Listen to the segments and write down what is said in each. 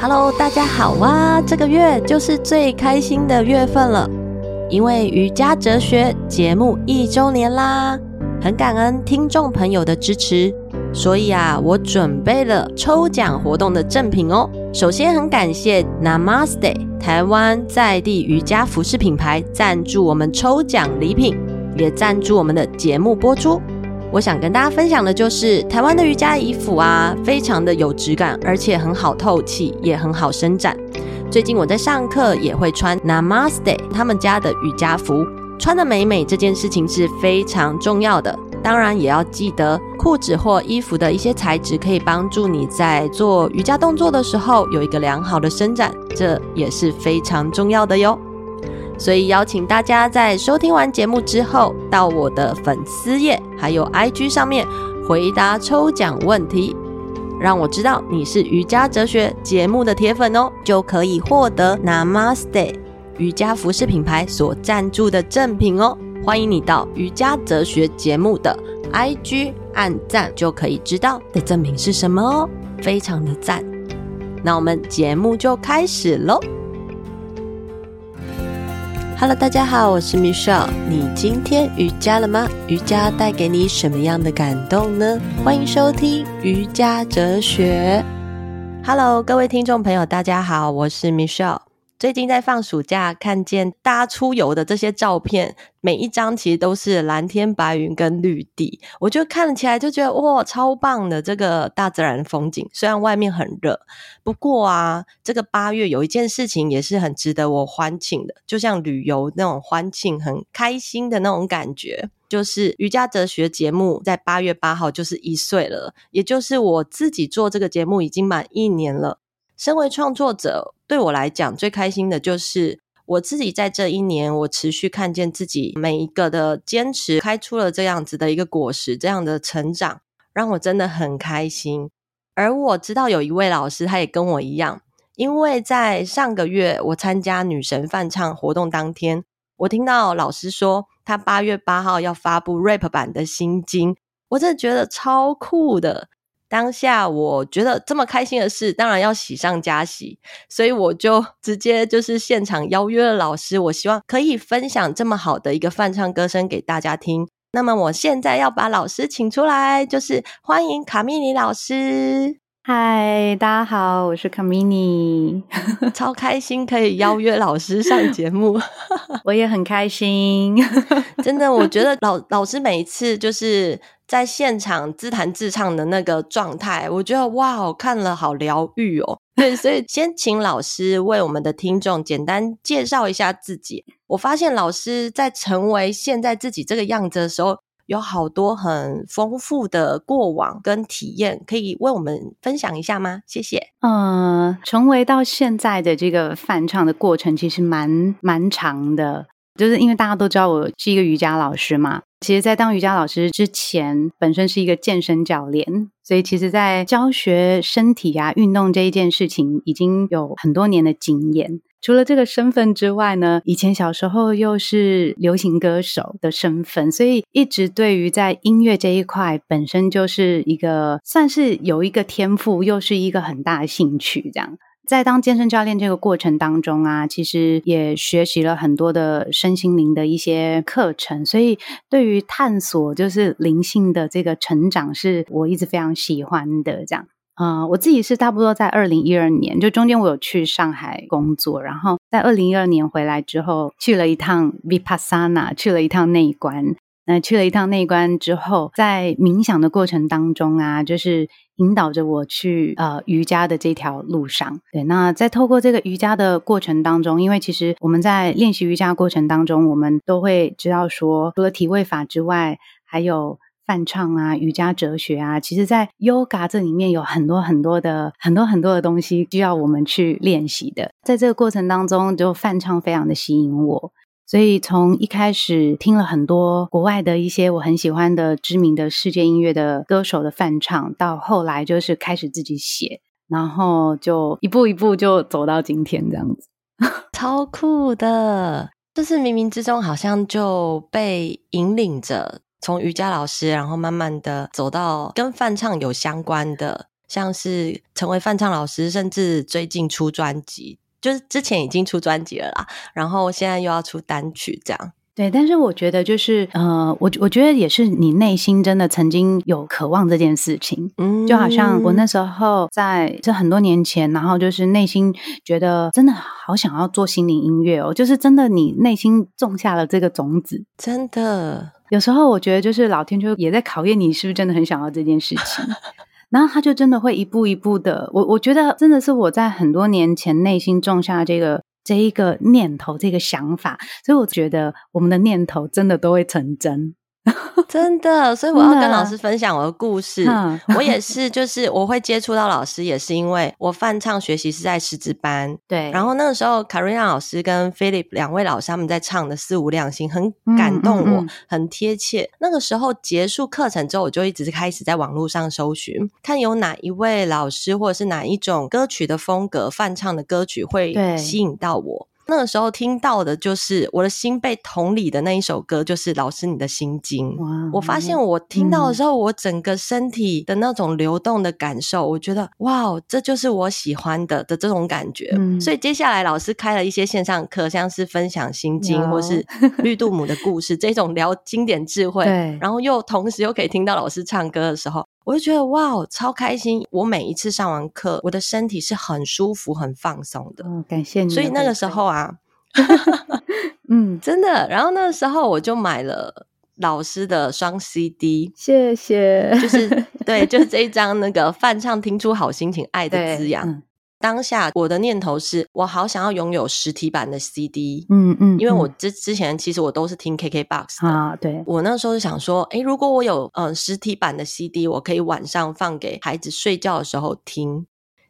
Hello，大家好哇、啊！這個月就是最開心的月份了，因為瑜伽哲學節目一周年啦！很感恩聽眾朋友的支持，所以啊，我準備了抽獎活動的贈品哦。首先，很感謝 Namaste 台灣在地瑜伽服飾品牌贊助我們抽獎禮品，也贊助我們的節目播出。我想跟大家分享的就是台灣的瑜伽衣服啊，非常的有質感，而且很好透氣，也很好伸展。最近我在上課也會穿 Namaste 他們家的瑜伽服，穿得美美這件事情是非常重要的。當然也要記得褲子或衣服的一些材質可以幫助你在做瑜伽動作的時候有一個良好的伸展，這也是非常重要的喲。所以邀請大家在收聽完節目之後，到我的粉絲頁還有 IG 上面回答抽獎問題，讓我知道你是瑜伽哲學節目的鐵粉哦，就可以獲得 Namaste 瑜伽服飾品牌所贊助的贈品哦。歡迎你到瑜伽哲學節目的 IG 按讚，就可以知道的贈品是什麼哦，非常的讚。那我們節目就開始嘍。Hello，大家好，我是 Michelle。你今天瑜伽了嗎？瑜伽帶給你什麼樣的感動呢？歡迎收聽瑜伽折學。Hello，各位聽眾朋友，大家好，我是 Michelle。最近在放暑假，看見大家出遊的這些照片，每一張其實都是藍天白雲跟綠地，我就看了起來就覺得哇，超棒的這個大自然風景。雖然外面很熱，不過啊，這個八月有一件事情也是很值得我歡慶的，就像旅遊那種歡慶、很開心的那種感覺。就是《瑜伽折學》節目在八月八號就是一歲了，也就是我自己做這個節目已經滿一年了。身為創作者，對我來講最開心的就是我自己在這一年，我持續看見自己每一個的堅持開出了這樣子的一個果實，這樣的成長讓我真的很開心。而我知道有一位老師，他也跟我一樣，因為在上個月我參加女神梵唱活動當天，我聽到老師說他八月八號要發布 rap 版的心經，我真的覺得超酷的。當下我覺得這麼開心的事，當然要喜上加喜，所以我就直接就是現場邀約了老師，我希望可以分享這麼好的一個梵唱歌聲給大家聽。那麼我現在要把老師請出來，就是歡迎卡蜜尼老師。嗨，Hi, 大家好，我是卡蜜尼。 超開心可以邀約老師上節目， 我也很開心， 真的，我覺得老老師每一次就是在現場自彈自唱的那個狀態，我覺得哇，看了好療癒哦。對，所以先請老師為我們的聽眾簡單介紹一下自己。我發現老師在成為現在自己這個樣子的時候。有好多很豐富的過往跟體驗，可以為我們分享一下嗎？謝謝。嗯、呃，成為到現在的這個梵唱的過程，其實蠻蠻長的，就是因為大家都知道我是一個瑜伽老師嘛。其實，在當瑜伽老師之前，本身是一個健身教練，所以其實在教學身體啊、運動這一件事情，已經有很多年的經驗。除了這個身份之外呢，以前小時候又是流行歌手的身份，所以一直對於在音樂這一塊本身就是一個算是有一個天賦，又是一個很大的興趣這樣。在當健身教練這個過程當中啊，其實也學習了很多的身心靈的一些課程，所以對於探索就是靈性的這個成長是我一直非常喜歡的這樣。啊、呃，我自己是差不多在二零一二年，就中間我有去上海工作，然後在二零一二年回來之後，去了一趟 Vipassana，去了一趟內觀，那、呃、去了一趟內觀之後，在冥想的過程當中啊，就是引導着我去呃瑜伽的這條路上，對，那在透過這個瑜伽的過程當中，因為其實我們在練習瑜伽過程當中，我們都會知道說，除了體位法之外，還有。梵唱啊，瑜伽哲學啊，其實在 Yoga 這裡面有很多很多的很多很多的東西需要我們去練習的。在這個過程當中，就梵唱非常的吸引我，所以從一開始聽了很多國外的一些我很喜歡的知名的世界音樂的歌手的梵唱，到後來就是開始自己寫，然後就一步一步就走到今天這樣子， 超酷的！就是冥冥之中好像就被引領着。從瑜伽老師，然後慢慢的走到跟梵唱有相關的，像是成為梵唱老師，甚至最近出專輯，就是之前已經出專輯了啦，然後現在又要出單曲，這樣。對，但是我覺得就是，呃，我我覺得也是你內心真的曾經有渴望這件事情，嗯，就好像我那時候在這很多年前，然後就是內心覺得真的好想要做心靈音樂哦，就是真的你內心種下了這個種子，真的。有時候我覺得，就是老天就也在考驗你是不是真的很想要這件事情， 然後他就真的會一步一步的。我我覺得真的是我在很多年前內心種下這個這一個念頭，這個想法，所以我覺得我們的念頭真的都會成真。 真的，所以我要跟老師分享我的故事。啊嗯、我也是，就是我會接觸到老師，也是因為我梵唱學習是在師資班。對，然後那個時候 Karina 老師跟 Philip 兩位老師他們在唱的《四無量心》很感動我，嗯嗯嗯、很貼切。那個時候結束課程之後，我就一直開始在網絡上搜尋，看有哪一位老師或者是哪一種歌曲的風格梵唱的歌曲會吸引到我。那個時候聽到的就是我的心被同理的那一首歌，就是老師《你的心經》。Wow, 我發現我聽到的時候，嗯、我整個身體的那種流動的感受，我覺得哇，這就是我喜歡的的這種感覺。嗯、所以接下來老師開了一些線上課，像是分享心經或是綠度母的故事， 這種聊經典智慧，對然後又同時又可以聽到老師唱歌的時候。我就覺得哇，超開心！我每一次上完課，我的身體是很舒服、很放鬆的。嗯、哦，感謝你感，所以那個時候啊，嗯， 真的。然後那個時候我就買了老師的雙 CD，謝謝。 就是對，就是這一張那個梵唱，聽出好心情，愛的滋養。當下我的念頭是我好想要擁有實體版的 CD，嗯嗯，嗯嗯因為我之之前其實我都是聽 KKBox 的啊，對，我那時候就想說，誒，如果我有嗯實體版的 CD，我可以晚上放給孩子睡覺的時候聽。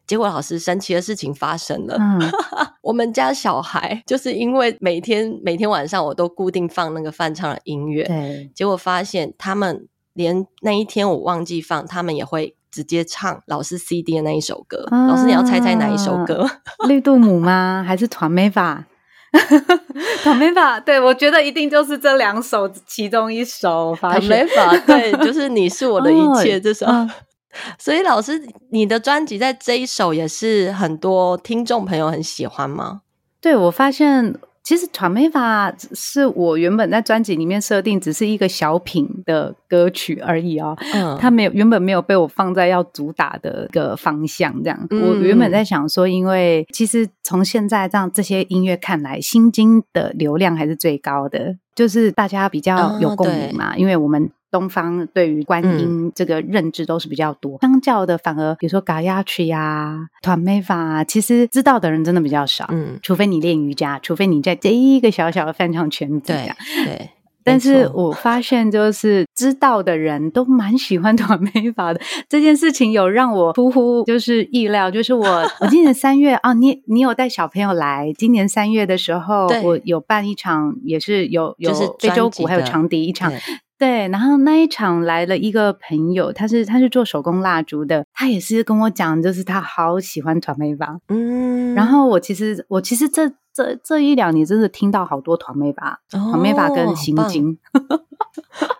結果老師神奇的事情發生了，嗯、 我們家小孩就是因為每天每天晚上我都固定放那個梵唱的音樂，對，結果發現他們連那一天我忘記放，他們也會。直接唱老師 CD 的那一首歌，啊、老師你要猜猜哪一首歌？綠度母嗎？ 還是 Twameva？Twameva？對我覺得一定就是這兩首其中一首。Twameva，對，就是你是我的一切 這首。Oh, 所以老師，你的專輯在這一首也是很多聽眾朋友很喜歡嗎？對，我發現。其實《Twameva》是我原本在專輯裡面設定，只是一個小品的歌曲而已哦。嗯，它沒有原本沒有被我放在要主打的一個方向，這樣。我原本在想說，因為、嗯、其實從現在這樣這些音樂看來，《心經》的流量還是最高的，就是大家比較有共鳴嘛，哦、因為我們。東方對於觀音這個認知都是比較多。嗯、相較的反而比如說嘎呀曲呀、Twameva，其實知道的人真的比較少。嗯，除非你練瑜伽，除非你在這一個小小的梵唱圈子。呀對。對，但是我發現，就是錯知道的人都蠻喜歡 Twameva 的這件事情，有讓我出乎就是意料。就是我，我、 哦、今年三月啊、哦，你你有帶小朋友來？今年三月的時候，對我有辦一場，也是有有非洲鼓還有長笛一場。對，然後那一場來了一個朋友，他是他是做手工蠟燭的，他也是跟我講，就是他好喜歡 Twameva，嗯，然後我其實我其實這這這一兩年真的聽到好多 Twameva，哦、Twameva 跟心經。棒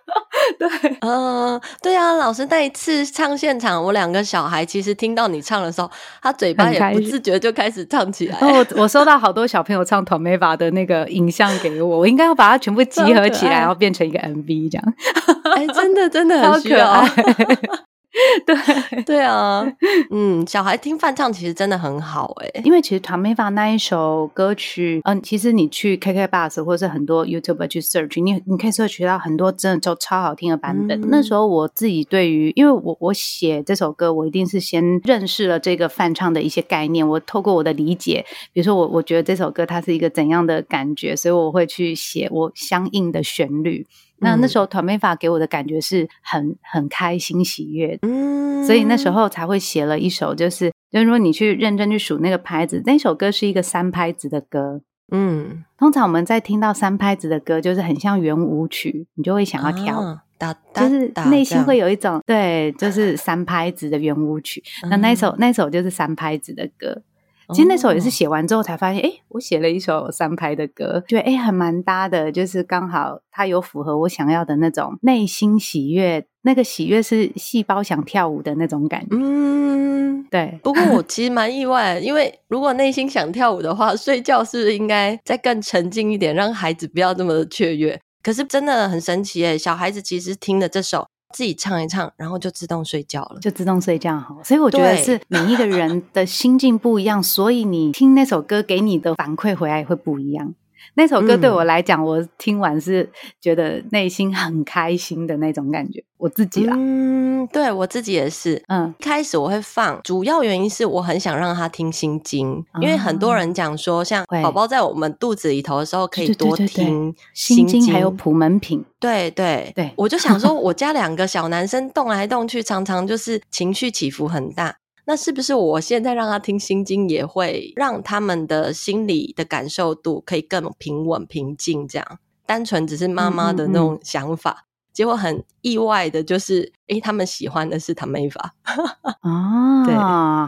對，嗯，uh, 對啊，老師那一次唱現場，我兩個小孩其實聽到你唱的時候，他嘴巴也不自覺就開始唱起來。我、oh, 我收到好多小朋友唱《Twameva》的那個影像給我， 我應該要把它全部集合起來，然後變成一個 MV 這樣。哎、 欸，真的真的好、哦、可愛。 對對啊， 嗯，小孩聽梵唱其實真的很好哎、欸，因為其實 Twameva 那一首歌曲，嗯、呃，其實你去 KKBOX 或者是很多 YouTuber 去 search，你你可以 search 到很多真的超超好聽的版本。嗯、那時候我自己對於，因為我我寫這首歌，我一定是先認識了這個梵唱的一些概念。我透過我的理解，比如說我我覺得這首歌它是一個怎樣的感覺，所以我會去寫我相應的旋律。那那時候 Twameva 給我的感覺是很很開心喜悅，嗯，所以那時候才會寫了一首、就是，就是就如果你去認真去數那個拍子，那首歌是一個三拍子的歌，嗯，通常我們在聽到三拍子的歌，就是很像圓舞曲，你就會想要跳，啊、就是內心會有一種、啊、對，就是三拍子的圓舞曲，那、嗯、那首那首就是三拍子的歌。其實那首也是寫完之後才發現，哦，誒，我寫了一首三拍的歌，覺得誒，還蠻搭的，就是剛好它有符合我想要的那種內心喜悅，那個喜悅是細胞想跳舞的那種感覺。嗯，對。不過我其實蠻意外， 因為如果內心想跳舞的話，睡覺是不是應該再更沉靜一點，讓孩子不要這麼雀躍。可是真的很神奇誒、欸，小孩子其實聽了這首。自己唱一唱，然後就自動睡覺了，就自動睡覺哈。所以我覺得是每一個人的心境不一樣，對 所以你聽那首歌給你的反饋回來也會不一樣。那首歌對我來講，嗯、我聽完是覺得內心很開心的那種感覺，我自己啦。嗯，對，我自己也是。嗯，開始我會放，主要原因是我很想讓他聽心經，嗯、因為很多人講說，像寶寶在我們肚子裡頭的時候，可以多聽心經，對對對對對，心經還有普門品。對對對，我就想說，我家兩個小男生動來動去， 常常就是情緒起伏很大。那是不是我現在讓他聽心經，也會讓他們的心理的感受度可以更平穩平靜？這樣單純只是媽媽的那種想法，嗯嗯嗯，結果很意外的，就是誒、欸，他們喜歡的是 Twameva 啊， 哦、對，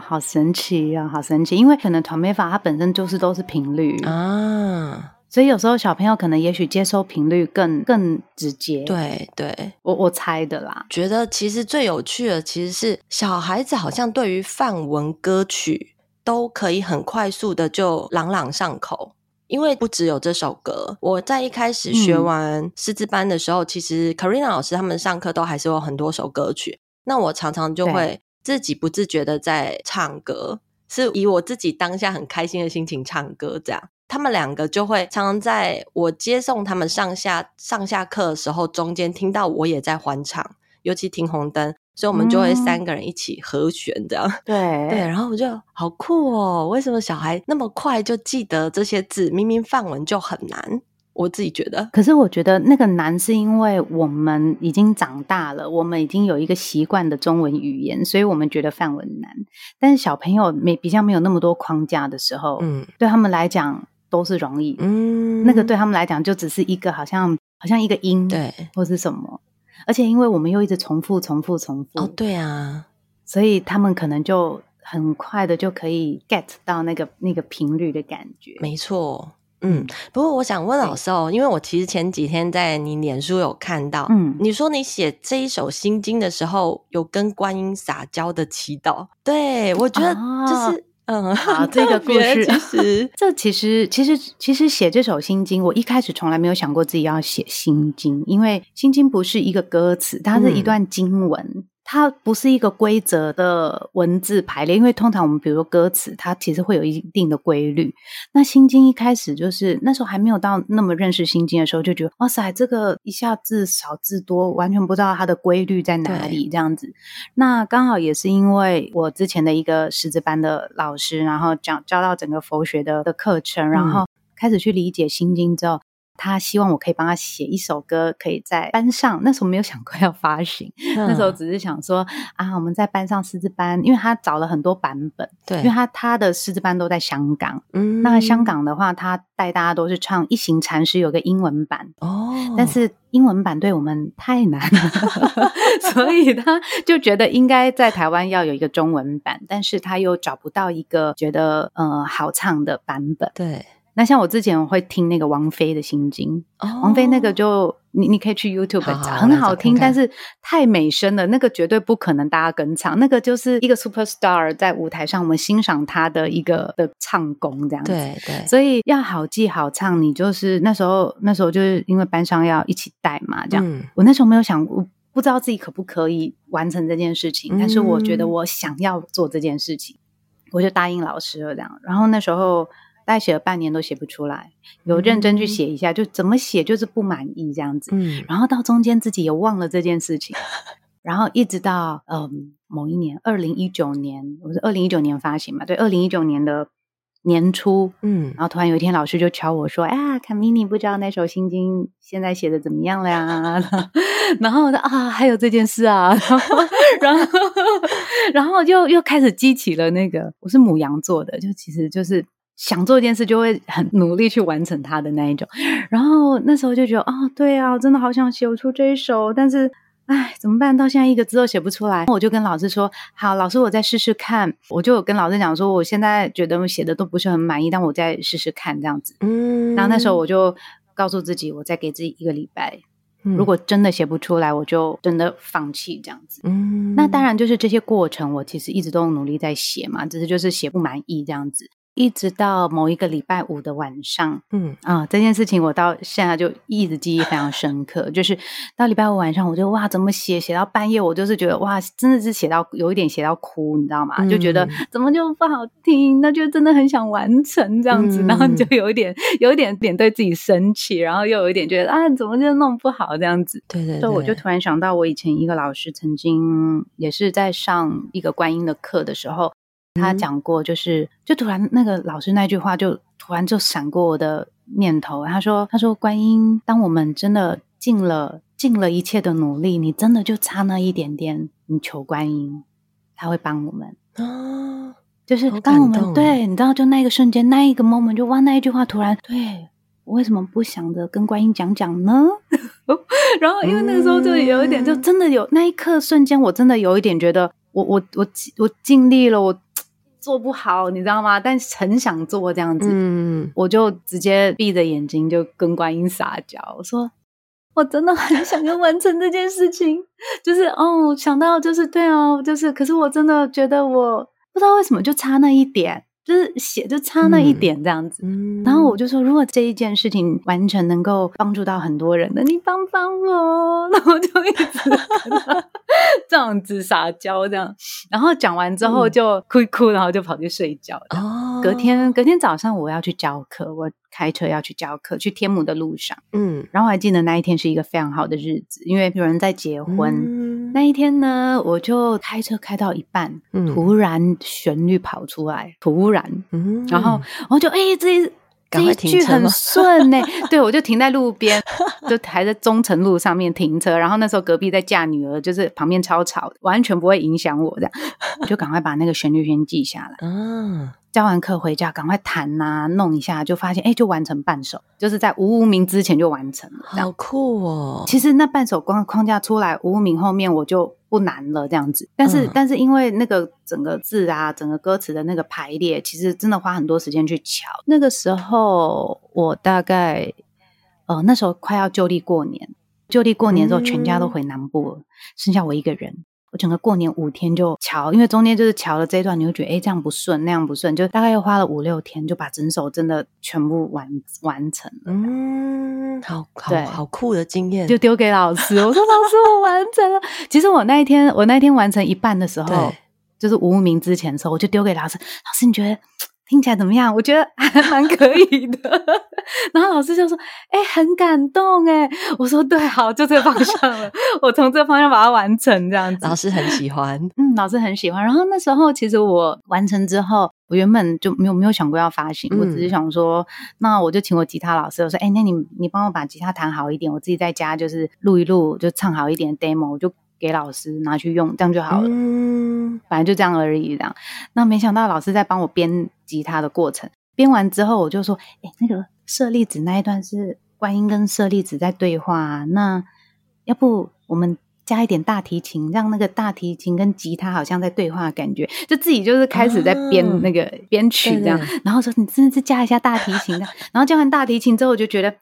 好神奇呀、哦，好神奇！因為可能 Twameva 它本身就是都是頻率啊。所以有時候小朋友可能也許接收頻率更更直接，對對，對我我猜的啦。覺得其實最有趣的其實是小孩子好像對於梵文歌曲都可以很快速的就朗朗上口，因為不只有這首歌。我在一開始學完師資班的時候，嗯、其實 Carina 老師他們上課都還是有很多首歌曲。那我常常就會自己不自覺的在唱歌，對是以我自己當下很開心的心情唱歌這樣。他們兩個就會常常在我接送他們上下上下課的時候，中間聽到我也在梵唱，尤其停紅燈，所以我們就會三個人一起和旋這樣。嗯、對對，然後我就好酷哦！為什麼小孩那麼快就記得這些字？明明梵文就很難，我自己覺得。可是我覺得那個難是因為我們已經長大了，我們已經有一個習慣的中文語言，所以我們覺得梵文難。但是小朋友沒比，比較沒有那麼多框架的時候，嗯，對他們來講。都是容易，嗯，那個對他們來講就只是一個好像好像一個音，對，或是什麼，而且因為我們又一直重複重複重複，哦、對啊，所以他們可能就很快的就可以 get 到那個那個頻率的感覺，沒錯，嗯。嗯，不過我想問老師哦，對因為我其實前幾天在你臉書有看到，嗯，你說你寫這一首心經的時候有跟觀音撒嬌的祈禱，對我覺得就是。哦嗯，好，別這個故事，其實這其實，其實，其實寫這首《心經》，我一開始從來沒有想過自己要寫《心經》，因為《心經》不是一個歌詞，它是一段經文。嗯它不是一個規則的文字排列，因為通常我們比如說歌詞，它其實會有一定的規律。那《心經》一開始就是那時候還沒有到那麼認識《心經》的時候，就覺得哇塞，這個一下字少字多，完全不知道它的規律在哪裡對這樣子。那剛好也是因為我之前的一個師資班的老師，然後講教到整個佛學的的課程，然後開始去理解《心經》之後。他希望我可以幫他寫一首歌，可以在班上。那時候沒有想過要發行，嗯、那時候只是想說啊，我們在班上師資班，因為他找了很多版本，對，因為他他的師資班都在香港，嗯，那香港的話，他帶大家都是唱《一行禪師》有個英文版哦，但是英文版對我們太難了， 所以他就覺得應該在台灣要有一個中文版，但是他又找不到一個覺得呃好唱的版本，對。那像我之前我會聽那個王菲的心經，王菲那個就你你可以去 YouTube 找，很好聽，但是太美聲了，那個絕對不可能大家跟唱，那個就是一個 superstar 在舞台上，我們欣賞他的一個的唱功這樣子。對對，所以要好記好唱，你就是那時候那時候就是因為班上要一起帶嘛，這樣。我那時候沒有想過，不知道自己可不可以完成這件事情，但是我覺得我想要做這件事情，我就答應老師了這樣。然後那時候。大概寫了半年都寫不出來，有認真去寫一下，嗯、就怎麼寫就是不滿意這樣子。嗯，然後到中間自己也忘了這件事情，然後一直到嗯某一年，二零一九年，我是二零一九年發行嘛，對，二零一九年的年初，嗯，然後突然有一天老師就敲我說：“哎呀、啊，Kamini 不知道那首心經現在寫的怎麼樣了呀？”嗯、然後我說啊，還有這件事啊，然後然後，然後就又開始激起了那個，我是牡羊座的，就其實就是。想做一件事，就會很努力去完成它的那一種。然後那時候就覺得，哦，對啊，我真的好想寫出這一首，但是，哎，怎麼辦？到現在一個字都寫不出來。我就跟老師說，好，老師，我再試試看。我就跟老師講說，我現在覺得我寫的都不是很滿意，但我再試試看這樣子。嗯。然後那時候我就告訴自己，我再給自己一個禮拜，嗯。如果真的寫不出來，我就真的放棄這樣子。嗯。那當然，就是這些過程，我其實一直都努力在寫嘛，只是就是寫不滿意這樣子。一直到某一個禮拜五的晚上，嗯啊，這件事情我到現在就一直記憶非常深刻。 就是到禮拜五晚上，我就哇，怎麼寫寫到半夜？我就是覺得哇，真的是寫到有一點寫到哭，你知道嗎？嗯、就覺得怎麼就不好聽？那就真的很想完成這樣子，嗯、然後就有一點有一點點對自己生氣，然後又有一點覺得啊，怎麼就弄不好這樣子？對，對對，所以我就突然想到，我以前一個老師曾經也是在上一個觀音的課的時候。他講過，就是、嗯、就突然那個老師那句話就突然就閃過我的念頭。他說：“他說觀音，當我們真的盡了盡了一切的努力，你真的就差那一點點，你求觀音，他會幫我們。”哦，就是當我們，對，你知道，就那一個瞬間，那一個 moment，就哇，那一句話突然，對，我為什麼不想着跟觀音講講呢？ 然後因為那個時候就有一點，就真的有、嗯、那一刻瞬間，我真的有一點覺得我，我我我我盡力了，我。做不好，你知道嗎？但很想做這樣子，嗯，我就直接閉着眼睛就跟觀音撒嬌，我說我真的很想要完成這件事情， 就是哦，想到就是對哦，就是，可是我真的覺得我不知道為什麼就差那一點。就是寫就差那一點這樣子，嗯、然後我就說，如果這一件事情完全能夠幫助到很多人的，的你幫幫我，然後我就一直 這樣子撒嬌這樣，然後講完之後就哭一哭，然後就跑去睡覺。哦、嗯，隔天隔天早上我要去教課，我開車要去教課，去天母的路上，嗯，然後我還記得那一天是一個非常好的日子，因為有人在結婚。嗯那一天呢，我就開車開到一半，嗯、突然旋律跑出來，突然，嗯、然後我就哎、欸，這一，趕快停車，這一句很順哎、欸， 對我就停在路邊，就還在忠誠路上面停車。然後那時候隔壁在嫁女兒，就是旁邊超吵，完全不會影響我，這樣就趕快把那個旋律先記下來。嗯教完課回家，趕快彈吶、啊，弄一下就發現，哎、欸，就完成半首，就是在無無明之前就完成了。好酷哦！其實那半首光框架出來，無無明後面我就不難了，這樣子。但是，嗯、但是因為那個整個字啊，整個歌詞的那個排列，其實真的花很多時間去瞧。那個時候我大概，呃，那時候快要就地過年，就地過年之後，嗯、全家都回南部了，剩下我一個人。我整個過年五天就喬。因為中間就是喬了這一段，你會覺得哎、欸，這樣不順，那樣不順，就大概又花了五六天就把整首真的全部完完成。嗯，好好對好酷的經驗，就丟給老師。我說，老師，我完成了。 其實我那一天，我那一天完成一半的時候，對就是無名之前的時候，我就丟給老師。老師，你覺得？聽起來怎麼樣？我覺得還蠻可以的。 然後老師就說：“哎、欸，很感動哎。”我說：“對，好，就這個方向了。 我從這個方向把它完成，這樣子。”老師很喜歡，嗯，老師很喜歡。然後那時候，其實我完成之後，我原本就沒有沒有想過要發行，嗯、我只是想說，那我就請我吉他老師，我說：“哎、欸，那你你幫我把吉他彈好一點，我自己在家就是錄一錄，就唱好一點 demo。”我就給老師拿去用，這樣就好了。嗯，反正就這樣而已。這樣，那沒想到老師在幫我編吉他的過程。編完之後，我就說：“哎，那個舍利子那一段是觀音跟舍利子在對話，那要不我們加一點大提琴，讓那個大提琴跟吉他好像在對話，感覺就自己就是開始在編、啊、那個編曲這樣。對對對，然後說你真的是加一下大提琴的。 然後加完大提琴之後，我就覺得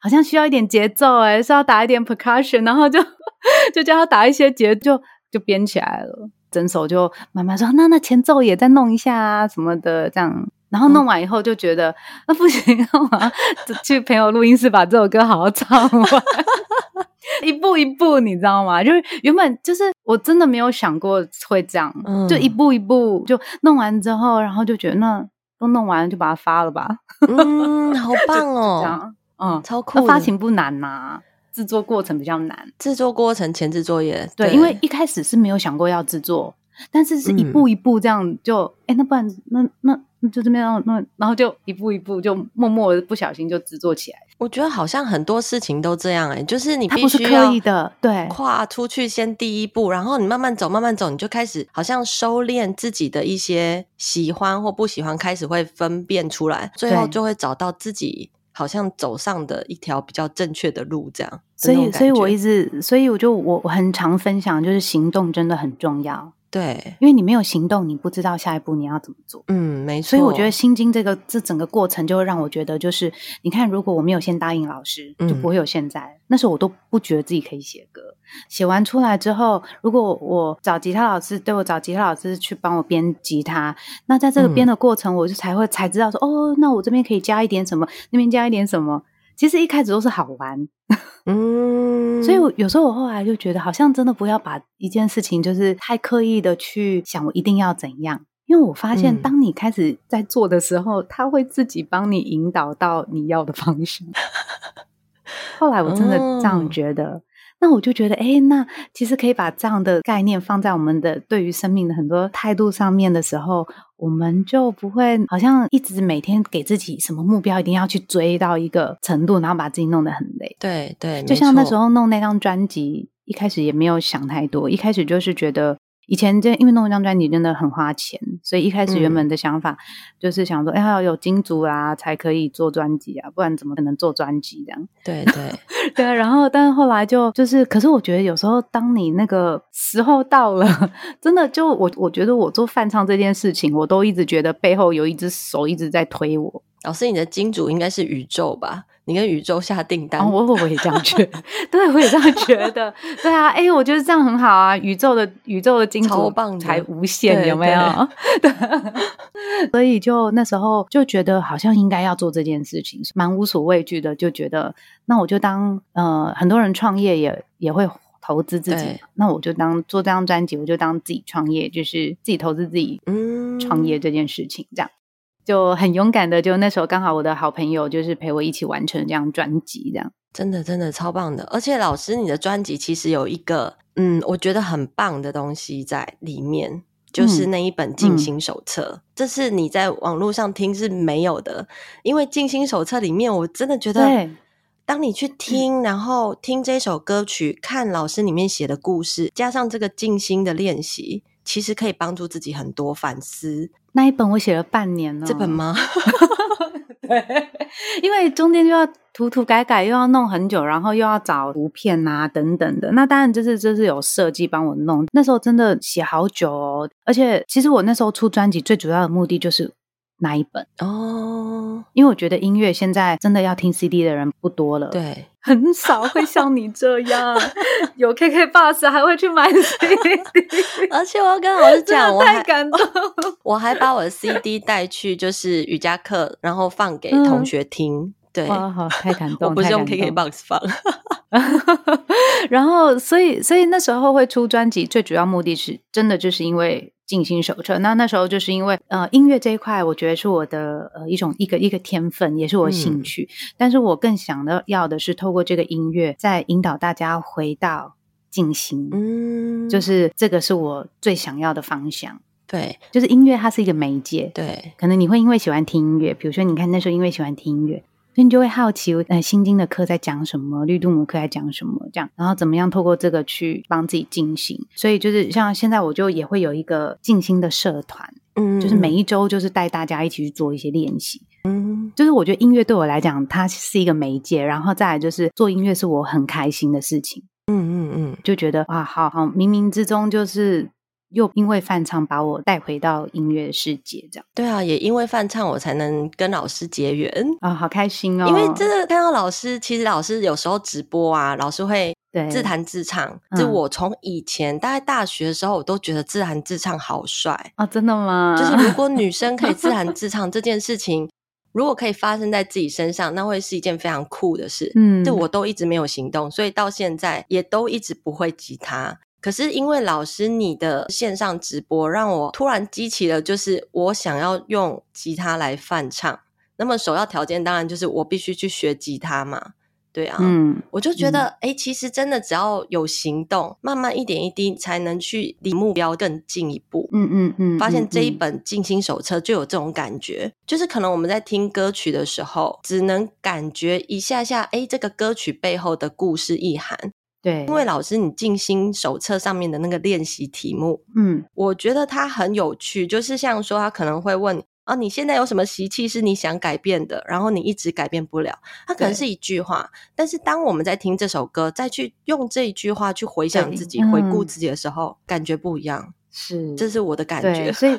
好像需要一點節奏、欸，哎，是要打一點 percussion，然後就。 就叫他打一些節，就就編起來了，整首就慢慢說。那那前奏也再弄一下啊，什麼的這樣。然後弄完以後就覺得那、嗯啊、不行，去朋友錄音室把這首歌好好唱吧。 一步一步，你知道嗎？就是原本就是我真的沒有想過會這樣，嗯、就一步一步就弄完之後，然後就覺得那都弄完了就把它發了吧。嗯，好棒哦， 這樣，嗯，嗯超酷、嗯。發行不難吶、啊。製作過程比較難。製作過程前置作業，對，對因為一開始是沒有想過要製作，但是是一步一步這樣就，哎、嗯欸，那不然那那，那就這麼樣、哦，那，然後就一步一步就默默的不小心就製作起來。我覺得好像很多事情都這樣哎、欸，就是你必須可以的，對，跨出去先第一步，然後你慢慢走，慢慢走，你就開始好像收斂自己的一些喜歡或不喜歡，開始會分辨出來，最後就會找到自己。好像走上的一條比較正確的路，這樣。所以，所以我一直，所以我就我，我很常分享，就是行動真的很重要。對，因為你沒有行動，你不知道下一步你要怎麼做。嗯，沒錯。所以我覺得《心經》這個這整個過程，就會讓我覺得，就是你看，如果我沒有先答應老師，就不會有現在。嗯、那時候我都不覺得自己可以寫歌。寫完出來之後，如果我找吉他老師，對，我找吉他老師去幫我編吉他，那在這個編的過程，我就才會、嗯、才知道說，哦，那我這邊可以加一點什麼，那邊加一點什麼。其實一開始都是好玩，嗯， 所以我有時候我後來就覺得，好像真的不要把一件事情就是太刻意的去想，我一定要怎樣，因為我發現，當你開始在做的時候，嗯、他會自己幫你引導到你要的方向。 後來我真的這樣覺得。嗯那我就覺得，誒，那其實可以把這樣的概念放在我們的對於生命的很多態度上面的時候，我們就不會好像一直每天給自己什麼目標一定要去追到一個程度，然後把自己弄得很累。對對對，就像那時候弄那張專輯，一開始也沒有想太多，一開始就是覺得。以前因為弄一張專輯真的很花錢，所以一開始原本的想法就是想說，哎、嗯，要、欸、有金主啊才可以做專輯啊，不然怎麼可能做專輯這樣？對對 對。然後，但是後來就就是，可是我覺得有時候當你那個時候到了，真的就我我覺得我做梵唱這件事情，我都一直覺得背後有一隻手一直在推我。老師，你的金主應該是宇宙吧？你跟宇宙下訂單，哦、我我也這樣覺得， 對我也這樣覺得，對啊，哎、欸，我覺得這樣很好啊，宇宙的宇宙的金主，超棒，才無限，對對有沒有？對 所以就那時候就覺得好像應該要做這件事情，蠻無所畏懼的，就覺得那我就當呃很多人創業也也會投資自己，那我就當，呃、對我就當做這張專輯，我就當自己創業，就是自己投資自己，嗯，創業這件事情這樣。嗯就很勇敢的，就那時候剛好我的好朋友就是陪我一起完成這樣專輯，這樣真的真的超棒的。而且老師，你的專輯其實有一個嗯，我覺得很棒的東西在裡面，嗯、就是那一本靜心手冊，嗯、這是你在網絡上聽是沒有的。因為靜心手冊裡面，我真的覺得，對當你去聽，然後聽這首歌曲，嗯、看老師裡面寫的故事，加上這個靜心的練習。其實可以幫助自己很多反思。那一本我寫了半年了，這本嗎？ 對，因為中間又要塗塗改改，又要弄很久，然後又要找圖片啊等等的。那當然就是就是有設計幫我弄。那時候真的寫好久哦，而且其實我那時候出專輯最主要的目的就是。那一本哦，因為我覺得音樂現在真的要聽 CD 的人不多了，對，很少會像你這樣 有 KKBOX 還會去買 CD，而且我要跟老師講，我 太感動了 我，我還把我的 CD 帶去就是瑜伽課，然後放給同學聽。嗯對、哦，太感動， 我不是用 KKBOX 放。 感 然後，所以，所以那時候會出專輯，最主要目的是真的就是因為靜心手冊。那那時候就是因為呃，音樂這一塊，我覺得是我的呃一種一個一個天分，也是我興趣。嗯、但是我更想的要的是透過這個音樂，再引導大家回到靜心。嗯，就是這個是我最想要的方向。對，就是音樂它是一個媒介。對，可能你會因為喜歡聽音樂，比如說你看那時候因為喜歡聽音樂。你就會好奇，呃，心經的課在講什麼，綠度母課在講什麼，這樣，然後怎麼樣透過這個去幫自己靜心。所以就是像現在，我就也會有一個靜心的社團，嗯，就是每一周就是帶大家一起去做一些練習，嗯，就是我覺得音樂對我來講，它是一個媒介，然後再來就是做音樂是我很開心的事情，嗯嗯嗯，嗯嗯就覺得啊，好好，冥冥之中就是。又因為梵唱把我帶回到音樂世界，這樣對啊，也因為梵唱我才能跟老師結緣啊、哦，好開心哦！因為真的看到老師，其實老師有時候直播啊，老師會自彈自唱。就對我從以前、嗯、大概大學的時候，我都覺得自彈自唱好帥啊、哦！真的嗎？就是如果女生可以自彈自唱 這件事情，如果可以發生在自己身上，那會是一件非常酷的事。嗯，就我都一直沒有行動，所以到現在也都一直不會吉他。可是因為老師你的線上直播，讓我突然激起了，就是我想要用吉他來梵唱。那麼首要條件當然就是我必須去學吉他嘛，對啊，嗯，我就覺得，誒、嗯欸、其實真的只要有行動，慢慢一點一滴，才能去離目標更進一步。嗯嗯嗯，嗯嗯嗯發現這一本靜心手冊就有這種感覺，嗯嗯、就是可能我們在聽歌曲的時候，只能感覺一下下，誒、欸、這個歌曲背後的故事意涵。對，因為老師，你靜心手冊上面的那個練習題目，嗯，我覺得它很有趣，就是像說，他可能會問你，哦、啊，你現在有什麼習氣是你想改變的，然後你一直改變不了，它可能是一句話，對但是當我們在聽這首歌，再去用這一句話去回想自己、嗯、回顧自己的時候，感覺不一樣，是，這是我的感覺，所以，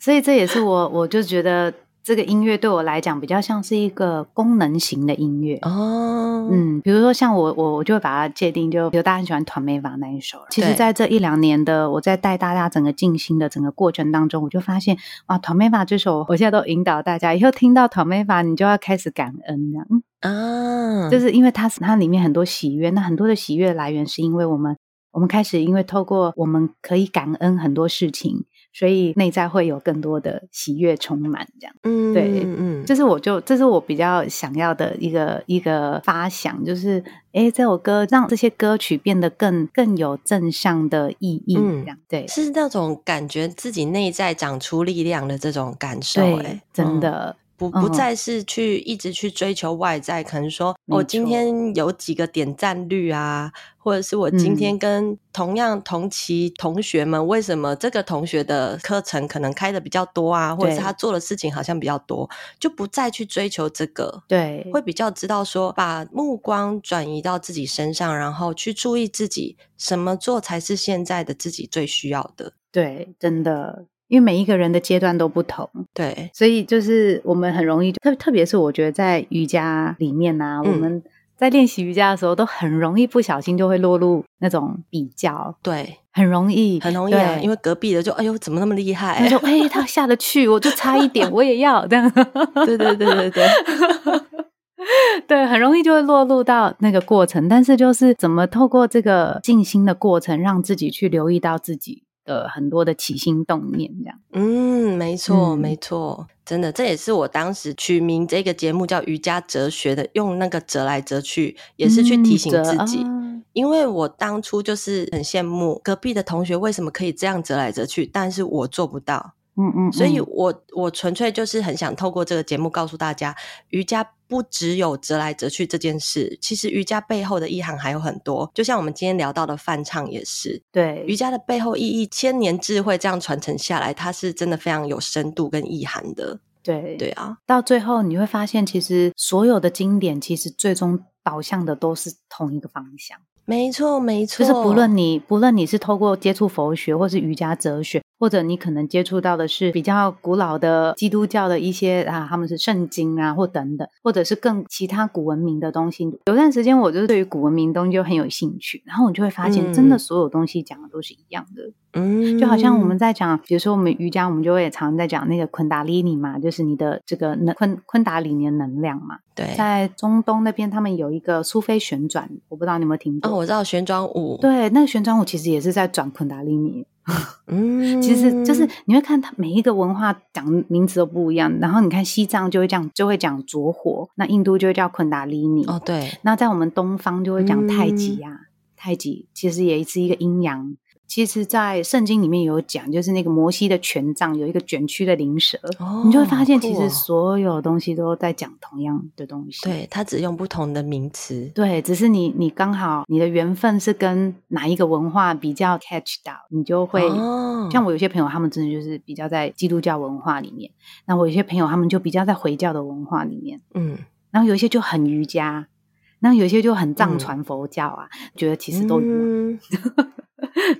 所以這也是我， 我就覺得。這個音樂對我來講比較像是一個功能型的音樂哦，oh、嗯，比如說像我我我就會把它界定、就是，就比如大家很喜歡《Twameva》那一首，對其實，在這一兩年的我在帶大家整個靜心的整個過程當中，我就發現啊，《Twameva》這首，我現在都引導大家，以後聽到《Twameva》，你就要開始感恩這樣啊，oh、就是因為它它裡面很多喜悅，那很多的喜悅來源是因為我們我們開始因為透過我們可以感恩很多事情。所以內在會有更多的喜悅充滿這樣，嗯，對，嗯嗯，嗯，這是我就這是我比較想要的一個一個發想，就是，哎，這首歌讓這些歌曲變得更更有正向的意義，嗯，這樣，嗯、對，是那種感覺自己內在長出力量的這種感受，誒對，真的。嗯不不再是去一直去追求外在，uh huh. 可能說我、哦，今天有幾個點讚率啊，或者是我今天跟同樣同期同學們，嗯、為什麼這個同學的課程可能開得比較多啊，對或者是他做的事情好像比較多，就不再去追求這個，對，會比較知道說把目光轉移到自己身上，然後去注意自己什麼做才是現在的自己最需要的，對，真的。因為每一個人的階段都不同，對，所以就是我們很容易就，特別特別是我覺得在瑜伽裡面吶、啊，嗯、我們在練習瑜伽的時候都很容易不小心就會落入那種比較，對，很容易，很容易啊、欸，對因為隔壁的就哎呦怎麼那麼厲害、欸，就說哎、欸、他下得去，我就差一點 我也要，這樣，對對對對對， 對，很容易就會落入到那個過程，但是就是怎麼透過這個靜心的過程，讓自己去留意到自己。呃，很多的起心動念這樣。嗯，沒錯，沒錯，嗯、真的，這也是我當時取名這個節目叫《瑜伽折學》的，用那個折來折去，也是去提醒自己，啊、因為我當初就是很羨慕隔壁的同學為什麼可以這樣折來折去，但是我做不到。嗯嗯，嗯，所以我我純粹就是很想透過這個節目告訴大家，瑜伽不只有折來折去這件事，其實瑜伽背後的意涵還有很多。就像我們今天聊到的梵唱也是，對，瑜伽的背後意義，千年智慧這樣傳承下來，它是真的非常有深度跟意涵的。對對啊，到最後你會發現，其實所有的經典其實最終導向的都是同一個方向。沒錯沒錯，就是不論你不論你是透過接觸佛學或是瑜伽哲學。或者你可能接觸到的是比較古老的基督教的一些啊，他們是聖經啊，或等等，或者是更其他古文明的東西。有段時間，我就是對於古文明東西就很有興趣，然後我就會發現，真的所有東西講的都是一樣的，嗯，就好像我們在講，比如說我們瑜伽，我們就會常在講那個昆達里尼嘛，就是你的這個能昆昆達里尼的能量嘛。對，在中東那邊，他們有一個蘇菲旋轉，我不知道你有沒有聽過？哦，我知道旋轉舞，對，那個旋轉舞其實也是在轉昆達里尼。 嗯，其實就是你會看它每一個文化講名字都不一樣，然後你看西藏就會講就會講拙火，那印度就會叫昆達里尼哦，對，那在我們東方就會講太極啊，嗯、太極其實也是一,一個陰陽。其實，在聖經裡面有講，就是那個摩西的權杖有一個捲曲的靈蛇，哦、你就會發現，其實所有東西都在講同樣的東西。哦哦、對，它只用不同的名詞。對，只是你你剛好你的緣分是跟哪一個文化比較 catch 到，你就會。哦、像我有些朋友，他們真的就是比較在基督教文化裡面；那我有些朋友，他們就比較在回教的文化裡面。嗯。然後有一些就很瑜伽。那有些就很藏傳佛教啊，覺得其實都，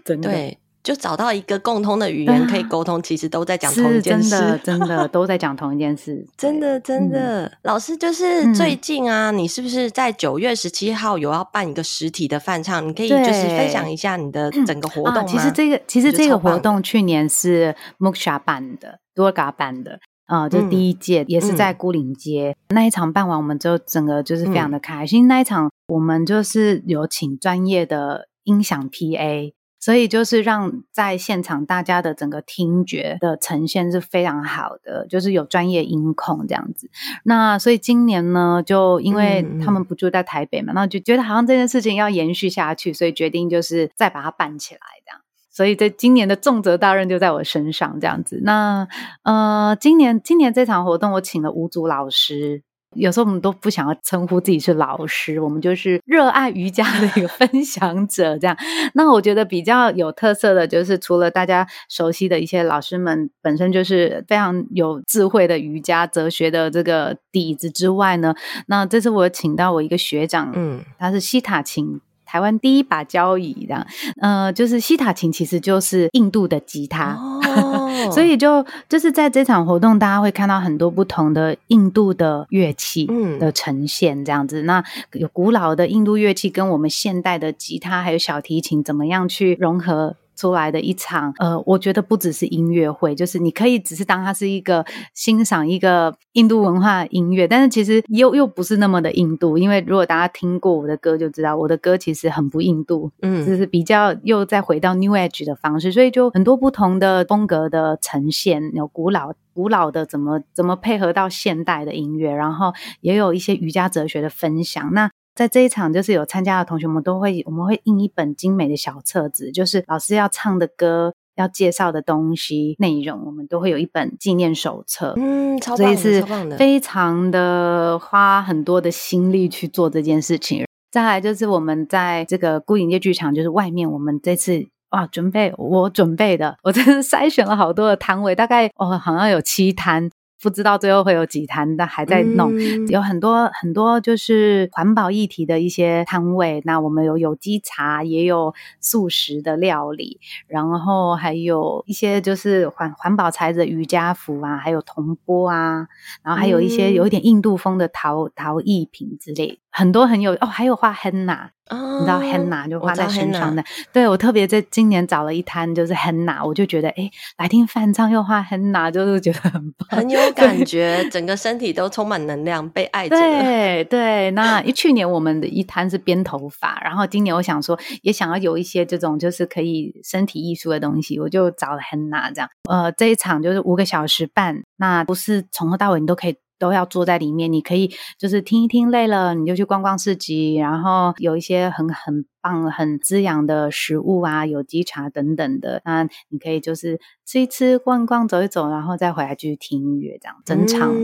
真的對，就找到一個共通的語言可以溝通，其實都在講同一件事，真的，真的都在講同一件事，真的，真的。老師就是最近啊，你是不是在九月十七號有要辦一個實體的梵唱？你可以就是分享一下你的整個活動。其實這個其實這個活動去年是木夏辦的，多嘎辦的。啊，這是、呃、第一屆，嗯、也是在牯嶺街、嗯、那一場辦完，我們就整個就是非常的開心。嗯、那一場我們就是有請專業的音響 PA，所以就是讓在現場大家的整個聽覺的呈現是非常好的，就是有專業音控這樣子。那所以今年呢，就因為他們不住在台北嘛，嗯、那就覺得好像這件事情要延續下去，所以決定就是再把它辦起來這樣。所以在今年的重責大任就在我身上這樣子。那呃，今年今年這場活動我請了五組老師。有時候我們都不想要稱呼自己是老師，我們就是熱愛瑜伽的一個分享者這樣。 那我覺得比較有特色的就是，除了大家熟悉的一些老師們，本身就是非常有智慧的瑜伽哲學的這個底子之外呢，那這次我請到我一個學長，嗯，他是希塔琴。嗯台灣第一把交椅，這樣，呃，就是西塔琴其實就是印度的吉他，哦、 所以就就是在這場活動，大家會看到很多不同的印度的樂器的呈現，這樣子。嗯、那有古老的印度樂器跟我們現代的吉他還有小提琴怎麼樣去融合？出來的一場，呃，我覺得不只是音樂會，就是你可以只是當它是一個欣賞一個印度文化音樂，但是其實又又不是那麼的印度，因為如果大家聽過我的歌就知道，我的歌其實很不印度，嗯，就是比較又再回到 New Age 的方式，所以就很多不同的風格的呈現，有古老古老的怎麼怎麼配合到現代的音樂，然後也有一些瑜伽哲學的分享，那。在這一場，就是有參加的同學們都會，我們會印一本精美的小冊子，就是老師要唱的歌，要介紹的東西內容，我們都會有一本紀念手冊。嗯，超棒的，這次非常的花很多的心力去做這件事情。嗯、再來就是我們在這個孤影夜劇場，就是外面我們這次哇準備，我準備的，我真的篩選了好多的攤位，大概哦好像有七攤。不知道最後會有幾攤，但還在弄。嗯、有很多很多就是環保議題的一些攤位。那我們有有機茶，也有素食的料理，然後還有一些就是環環保材質的瑜伽服啊，還有銅缽啊，然後還有一些、嗯、有一點印度風的陶陶藝品之類的。很多很有哦，還有畫 Henna，你知道 Henna 就畫在身上的。我對，我特別在今年找了一攤就是 Henna，我就覺得哎，來聽梵唱又畫 Henna，就是覺得很棒，很有感覺，對整個身體都充滿能量，被愛着。對對，那因為，去年我們的一攤是編頭髮，然後今年我想說也想要有一些這種就是可以身體藝術的東西，我就找了 Henna 這樣。呃，這一場就是五個小時半，那不是從頭到尾你都可以。都要坐在裡面，你可以就是聽一聽，累了你就去逛逛市集，然後有一些很很棒、很滋養的食物啊，有機茶等等的。那你可以就是吃一吃、逛逛、走一走，然後再回來繼續聽音樂，這樣整場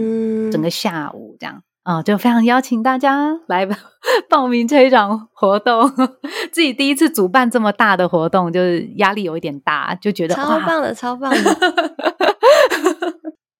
整個下午這樣啊、嗯呃，就非常邀請大家來報名這一場活動。 自己第一次主辦這麼大的活動，就是壓力有一點大，就覺得超棒的，哇超棒的。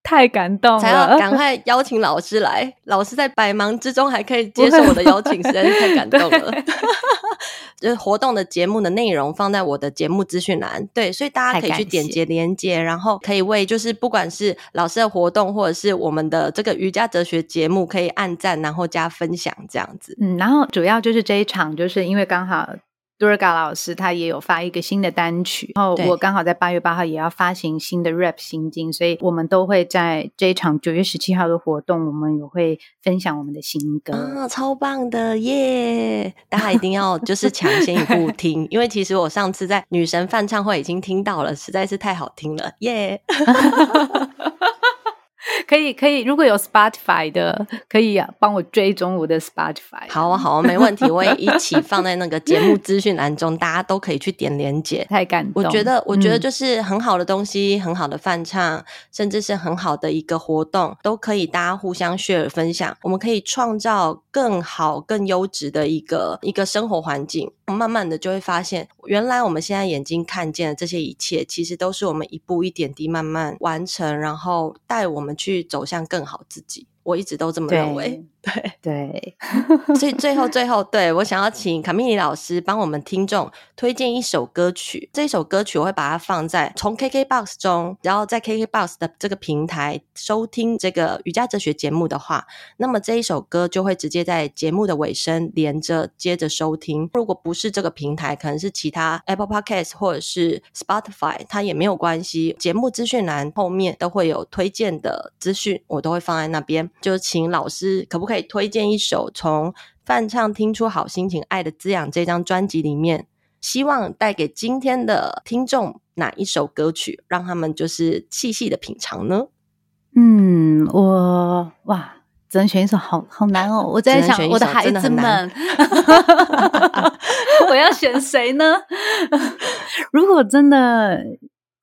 太感動了！才要趕快邀請老師來， 老師在百忙之中還可以接受我的邀請，不會 實在是太感動了。 對 就是活動的節目的內容放在我的節目資訊欄，對，所以大家可以去點擊連結，然後可以為就是不管是老師的活動或者是我們的這個瑜伽折學節目，可以按讚然後加分享這樣子。嗯，然後主要就是這一場，就是因為剛好。杜爾嘎老師他也有發一個新的單曲，然後我剛好在八月八號也要發行新的 rap 心經，所以我們都會在這一場九月十七號的活動，我們也會分享我們的新歌啊、嗯，超棒的耶！Yeah! 大家一定要就是搶先一步聽， 因為其實我上次在女神梵唱會已經聽到了，實在是太好聽了耶！Yeah! 可以可以，如果有 Spotify 的，可以、啊、幫我追蹤我的 Spotify。好啊好啊，沒問題，我也一起放在那個節目資訊欄中， 大家都可以去點連接。太感動了，我覺得我覺得就是很好的東西，嗯、很好的梵唱，甚至是很好的一個活動，都可以大家互相 share 分享。我們可以創造更好、更優質的一個一個生活環境。慢慢的就會發現，原來我們現在眼睛看見的這些一切，其實都是我們一步一點滴慢慢完成，然後帶我們去。去走向更好自己，我一直都這麼認為。對對，對 所以最後最後，對，我想要請卡蜜尼老師幫我們聽眾推薦一首歌曲。這一首歌曲我會把它放在從 KKBOX 中，然後在 KKBOX 的這個平台收聽這個瑜伽哲學節目的話，那麼這一首歌就會直接在節目的尾聲連着接着收聽。如果不是這個平台，可能是其他 Apple Podcast 或者是 Spotify，它也沒有關係。節目資訊欄後面都會有推薦的資訊，我都會放在那邊。就請老師可不可以？推薦一首從梵唱聽出好心情、愛的滋養這張專輯裡面，希望帶給今天的聽眾哪一首歌曲，讓他們就是細細的品嘗呢？嗯，我哇，只能選一首，好好難哦！我在想，我的孩子們， 我要選誰呢？ 如果真的、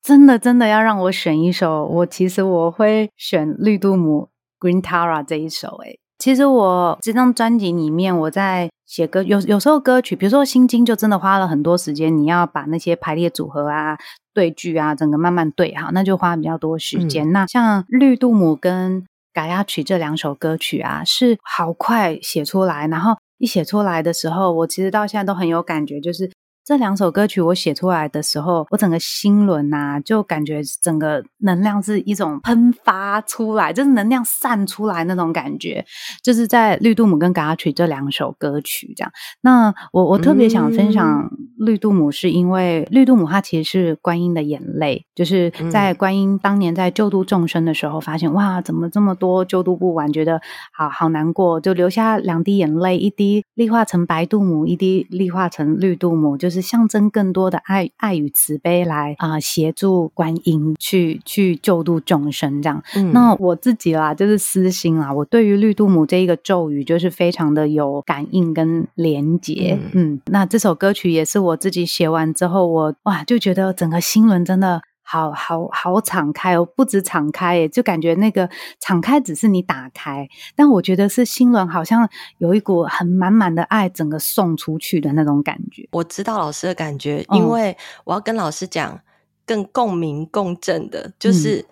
真的、真的要讓我選一首，我其實我會選綠、綠度母 Green Tara 這一首、欸。哎。其實我這張專輯裡面，我在寫歌有有時候歌曲，比如說《心經》就真的花了很多時間，你要把那些排列組合啊、對句啊，整個慢慢對哈，那就花比較多時間。嗯、那像《綠度母》跟《嘎呀曲》這兩首歌曲啊，是好快寫出來，然後一寫出來的時候，我其實到現在都很有感覺，就是。這兩首歌曲我寫出來的時候，我整個心輪啊，就感覺整個能量是一種噴發出來，就是能量散出來那種感覺，就是在綠度母跟嘎曲這兩首歌曲這樣。那我我特別想分享綠度母，是因為綠度母它其實是觀音的眼淚，就是在觀音當年在救度眾生的時候，發現哇，怎麼這麼多救度不完，覺得好好難過，就流下兩滴眼淚，一滴淚化成白度母，一滴淚化成綠度母，就是。就是象徵更多的愛、愛與慈悲來啊、呃，協助觀音去去救度眾生這樣。嗯、那我自己啦，就是私心啦，我對於綠度母這一個咒語就是非常的有感應跟連接嗯，嗯，那這首歌曲也是我自己寫完之後，我哇就覺得整個心輪真的。好好好，好好敞開哦！不止敞開耶，誒就感覺那個敞開只是你打開，但我覺得是心輪，好像有一股很滿滿的愛，整個送出去的那種感覺。我知道老師的感覺，嗯、因為我要跟老師講更共鳴共振的，就是，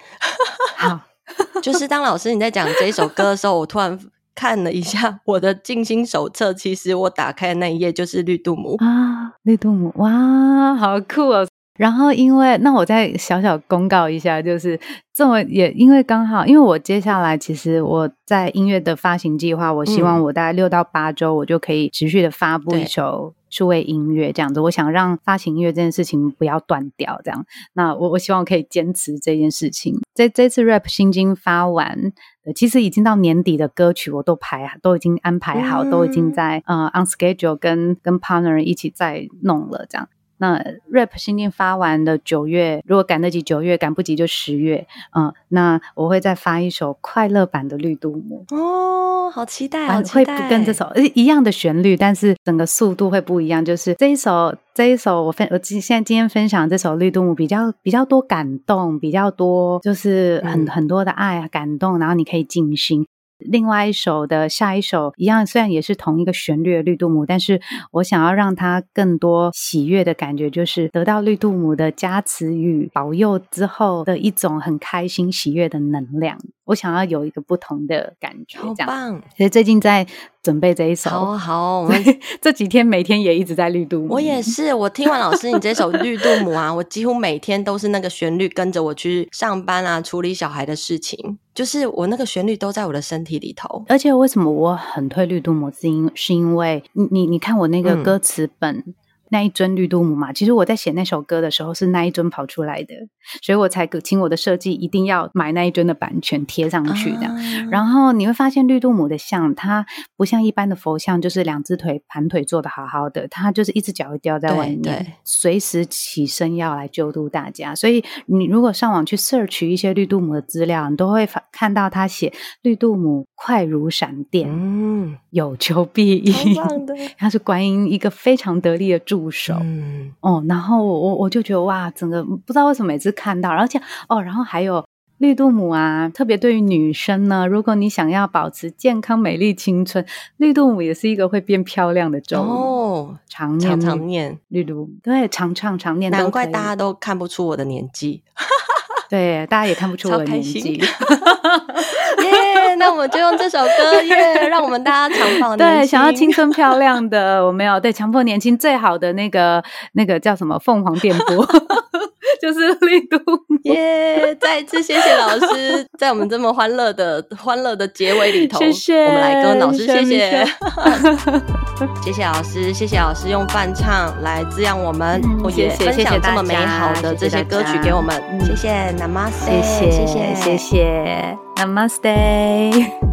嗯、 好，就是當老師你在講這一首歌的時候， 我突然看了一下我的靜心手冊，其實我打開的那一頁就是綠度母。啊，綠度母，哇，好酷哦。然後，因為那我再小小公告一下，就是這麼也因為剛好，因為我接下來其實我在音樂的發行計劃，我希望我大概六到八週，我就可以持續的發布一首數位音樂這，對這樣子。我想讓發行音樂這件事情不要斷掉，這樣。那我我希望我可以堅持這件事情。在這，這次《rap 心經》發完，其實已經到年底的歌曲，我都排都已經安排好，嗯、都已經在、呃、on schedule，跟跟 partner 一起在弄了這樣。那 rap 新近發完的九月，如果趕得及九月，趕不及就十月。嗯，那我會再發一首快樂版的綠度母。哦，好期待，好期待啊，會跟這首一樣的旋律，但是整個速度會不一樣。就是這一首，這一首我分我今現在今天分享這首綠度母比較比較多感動，比較多就是很、嗯、很多的愛感動，然後你可以靜心。另外一首的下一首一樣，雖然也是同一個旋律的綠度母，但是我想要讓它更多喜悅的感覺，就是得到綠度母的加持與保佑之後的一種很開心、喜悅的能量。我想要有一個不同的感覺，好棒！所以最近在準備這一首，好好，好這幾天每天也一直在綠度母。我也是，我聽完老師 你這首綠度母啊，我幾乎每天都是那個旋律跟着我去上班啊，處理小孩的事情，就是我那個旋律都在我的身體裡頭。而且為什麼我很推綠度母是，是因是因為你你你看我那個歌詞本。嗯那一尊綠度母嘛，其實我在寫那首歌的時候是那一尊跑出來的，所以我才請我的設計一定要買那一尊的版權貼上去的。嗯、然後你會發現綠度母的像，它不像一般的佛像，就是兩隻腿盤腿坐的好好的，它就是一隻腳會掉在外面，對對，隨時起身要來救度大家。所以你如果上網去 search 一些綠度母的資料，你都會看到他寫綠度母。快如閃電，嗯，有求必應，他是觀音一個非常得力的助手，嗯、哦，然後我我就覺得哇，整個不知道為什麼每次看到，而且哦，然後還有綠度母啊，特別對於女生呢，如果你想要保持健康、美麗、青春，綠度母也是一個會變漂亮的咒語，常常念綠度母。對，常唱常念，難怪大家都看不出我的年紀。 對，大家也看不出我的年紀。耶開， yeah, 那我們就用這首歌，因、yeah, 為讓我們大家常放。對，想要青春漂亮的， 我沒有。對，強迫年輕最好的那個，那個叫什麼？鳳凰電波。 就是綠度母耶！Yeah, 再一次謝謝老師，在我們這麼歡樂的歡樂的結尾裡頭，謝謝我們來跟老師謝謝，謝謝，謝謝老師，謝謝老師用伴唱來滋養我們，謝謝分享這麼美好的這些歌曲給我們，嗯、謝謝 Namaste，謝謝謝謝 Namaste。嗯